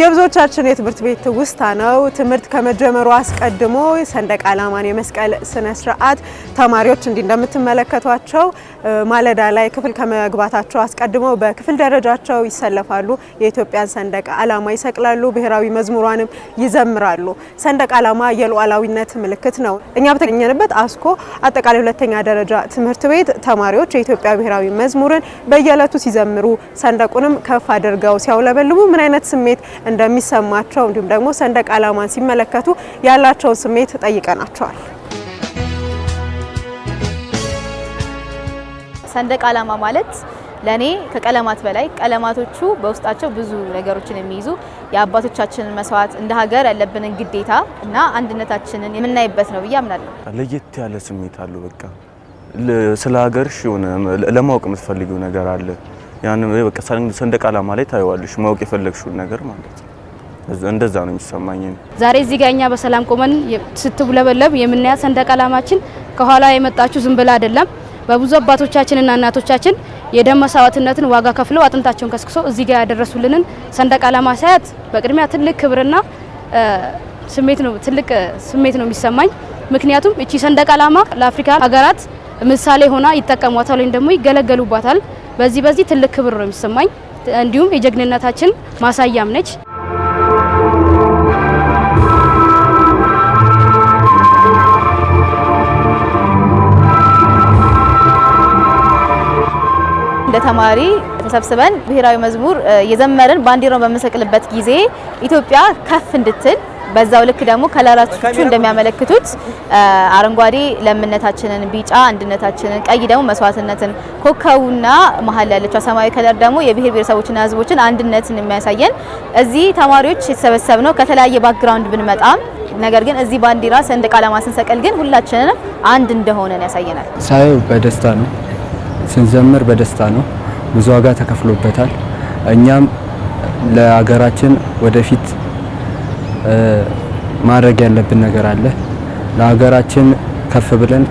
የብዙዎቻችን የትምህርት ቤት ትውስታ ነው። ትምህርት ከመጀመሩ አስቀድሞ ሰንደቅ ዓላማን የመስቀል ስነ ስርዓት ተማሪዎች እንዲህ እንደምትመለከቷቸው ማለዳ ላይ ክፍል ከመግባታቸው አስቀድሞ በክፍል ደረጃቸው ይሰለፋሉ። የኢትዮጵያን ሰንደቅ ዓላማ ይሰቅላሉ። ብሔራዊ መዝሙሯንም ይዘምራሉ። ሰንደቅ ዓላማ የሉዓላዊነት ምልክት ነው። እኛ በተገኘንበት አስኮ አጠቃላይ ሁለተኛ ደረጃ ትምህርት ቤት ተማሪዎች የኢትዮጵያ ብሔራዊ መዝሙርን በየዕለቱ ሲዘምሩ ሰንደቁንም ከፍ አድርገው ሲያውለበልቡ ምን አይነት ስሜት እንደሚሰማቸው እንዲሁም ደግሞ ሰንደቅ ዓላማን ሲመለከቱ ያላቸውን ስሜት ጠይቀናቸዋል። ሰንደቅ ዓላማ ማለት ለእኔ ከቀለማት በላይ ቀለማቶቹ በውስጣቸው ብዙ ነገሮችን የሚይዙ የአባቶቻችንን መስዋዕት እንደ ሀገር ያለብንን ግዴታ እና አንድነታችንን የምናይበት ነው ብዬ አምናለሁ። ለየት ያለ ስሜት አለው። በቃ ስለ ሀገርሽ የሆነ ለማወቅ የምትፈልጊው ነገር አለ። ያንን በቃ ሰንደቅ ዓላማ ላይ ታይዋለሽ ማወቅ የፈለግሽውን ነገር ማለት ነው። እንደዛ ነው የሚሰማኝ። ዛሬ እዚህ ጋር እኛ በሰላም ቆመን ስትውለበለብ የምናያት ሰንደቅ ዓላማችን ከኋላ የመጣችሁ ዝም ብላ አይደለም። በብዙ አባቶቻችንና እናቶቻችን የደም መስዋዕትነትን ዋጋ ከፍለው አጥንታቸውን ከስክሶ እዚህ ጋር ያደረሱልንን ሰንደቅ ዓላማ ሳያት በቅድሚያ ትልቅ ክብርና ስሜት ነው ትልቅ ስሜት ነው የሚሰማኝ። ምክንያቱም እቺ ሰንደቅ ዓላማ ለአፍሪካ ሀገራት ምሳሌ ሆና ይጠቀሟታል ወይም ደግሞ ይገለገሉባታል። በዚህ በዚህ ትልቅ ክብር ነው የሚሰማኝ። እንዲሁም የጀግንነታችን ማሳያም ነች። እንደ ተማሪ ተሰብስበን ብሔራዊ መዝሙር የዘመርን ባንዲራውን በመሰቅልበት ጊዜ ኢትዮጵያ ከፍ እንድትል በዛው ልክ ደግሞ ከለራቶቹ እንደሚያመለክቱት አረንጓዴ ለምነታችንን፣ ቢጫ አንድነታችንን፣ ቀይ ደግሞ መስዋዕትነትን፣ ኮከቡና መሀል ያለችው ሰማያዊ ከለር ደግሞ የብሔር ብሔረሰቦችና ህዝቦችን አንድነትን የሚያሳየን እዚህ ተማሪዎች የተሰበሰብ ነው ከተለያየ ባክግራውንድ ብንመጣም ነገር ግን እዚህ ባንዲራ ሰንደቅ ዓላማ ስንሰቀል ግን ሁላችንንም አንድ እንደሆነን ያሳየናል። ሳየው በደስታ ነው፣ ስንዘምር በደስታ ነው። ብዙ ዋጋ ተከፍሎበታል። እኛም ለሀገራችን ወደፊት ማድረግ ያለብን ነገር አለ። ለሀገራችን ከፍ ብለን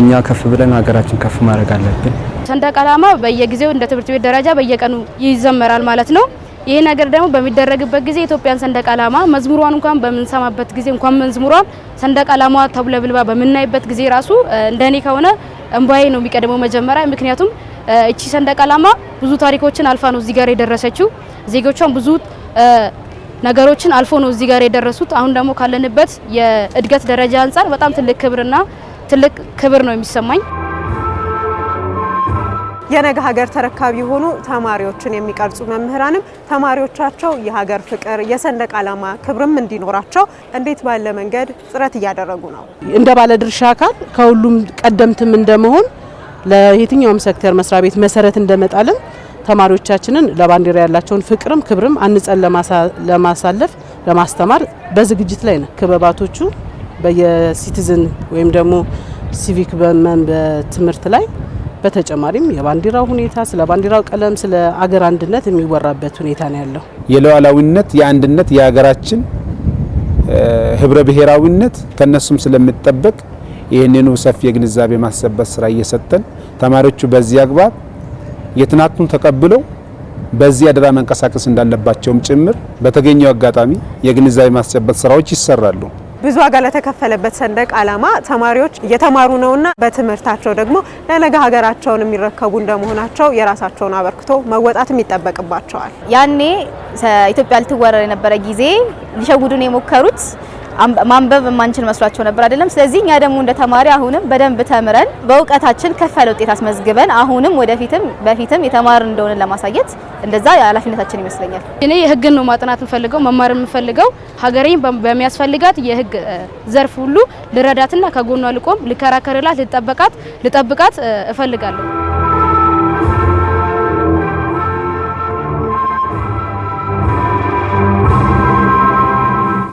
እኛ ከፍ ብለን ሀገራችን ከፍ ማድረግ አለብን። ሰንደቅ ዓላማ በየጊዜው እንደ ትምህርት ቤት ደረጃ በየቀኑ ይዘመራል ማለት ነው። ይህ ነገር ደግሞ በሚደረግበት ጊዜ የኢትዮጵያን ሰንደቅ ዓላማ መዝሙሯን እንኳን በምንሰማበት ጊዜ እንኳን መዝሙሯን ሰንደቅ ዓላማዋ ተውለብልባ በምናይበት ጊዜ ራሱ እንደኔ ከሆነ እንባዬ ነው የሚቀድመው መጀመሪያ። ምክንያቱም እቺ ሰንደቅ ዓላማ ብዙ ታሪኮችን አልፋ ነው እዚህ ጋር የደረሰችው። ዜጎቿን ብዙ ነገሮችን አልፎ ነው እዚህ ጋር የደረሱት። አሁን ደግሞ ካለንበት የእድገት ደረጃ አንጻር በጣም ትልቅ ክብርና ትልቅ ክብር ነው የሚሰማኝ። የነገ ሀገር ተረካቢ የሆኑ ተማሪዎችን የሚቀርጹ መምህራንም ተማሪዎቻቸው የሀገር ፍቅር፣ የሰንደቅ ዓላማ ክብርም እንዲኖራቸው እንዴት ባለ መንገድ ጥረት እያደረጉ ነው? እንደ ባለድርሻ አካል ከሁሉም ቀደምትም እንደመሆን ለየትኛውም ሴክተር መስሪያ ቤት መሰረት እንደመጣልም ተማሪዎቻችንን ለባንዲራ ያላቸውን ፍቅርም ክብርም አንጸን ለማሳለፍ ለማስተማር በዝግጅት ላይ ነው። ክበባቶቹ በየሲቲዝን ወይም ደግሞ ሲቪክ በትምህርት ላይ በተጨማሪም የባንዲራው ሁኔታ ስለ ባንዲራው ቀለም፣ ስለ አገር አንድነት የሚወራበት ሁኔታ ነው ያለው። የሉዓላዊነት የአንድነት የሀገራችን ህብረ ብሔራዊነት ከነሱም ስለሚጠበቅ ይህንኑ ሰፊ የግንዛቤ ማሰበት ስራ እየሰጠን ተማሪዎቹ በዚህ አግባብ የትናንቱን ተቀብለው በዚህ አደራ መንቀሳቀስ እንዳለባቸውም ጭምር በተገኘው አጋጣሚ የግንዛቤ ማስጨበጥ ስራዎች ይሰራሉ። ብዙ ዋጋ ለተከፈለበት ሰንደቅ ዓላማ ተማሪዎች እየተማሩ ነውና በትምህርታቸው ደግሞ ለነገ ሀገራቸውን የሚረከቡ እንደመሆናቸው የራሳቸውን አበርክቶ መወጣትም ይጠበቅባቸዋል። ያኔ ኢትዮጵያ ልትወረር የነበረ ጊዜ ሊሸውዱን የሞከሩት ማንበብ የማንችል መስሏቸው ነበር አይደለም። ስለዚህ እኛ ደግሞ እንደ ተማሪ አሁንም በደንብ ተምረን በእውቀታችን ከፍ ያለ ውጤት አስመዝግበን አሁንም ወደፊትም በፊትም የተማር እንደሆነ ለማሳየት እንደዛ የኃላፊነታችን ይመስለኛል። እኔ የህግን ነው ማጥናት የምፈልገው መማር የምፈልገው ሀገሬን በሚያስፈልጋት የህግ ዘርፍ ሁሉ ልረዳትና ከጎኗ ልቆም ልከራከርላት ልጠበቃት ልጠብቃት እፈልጋለሁ።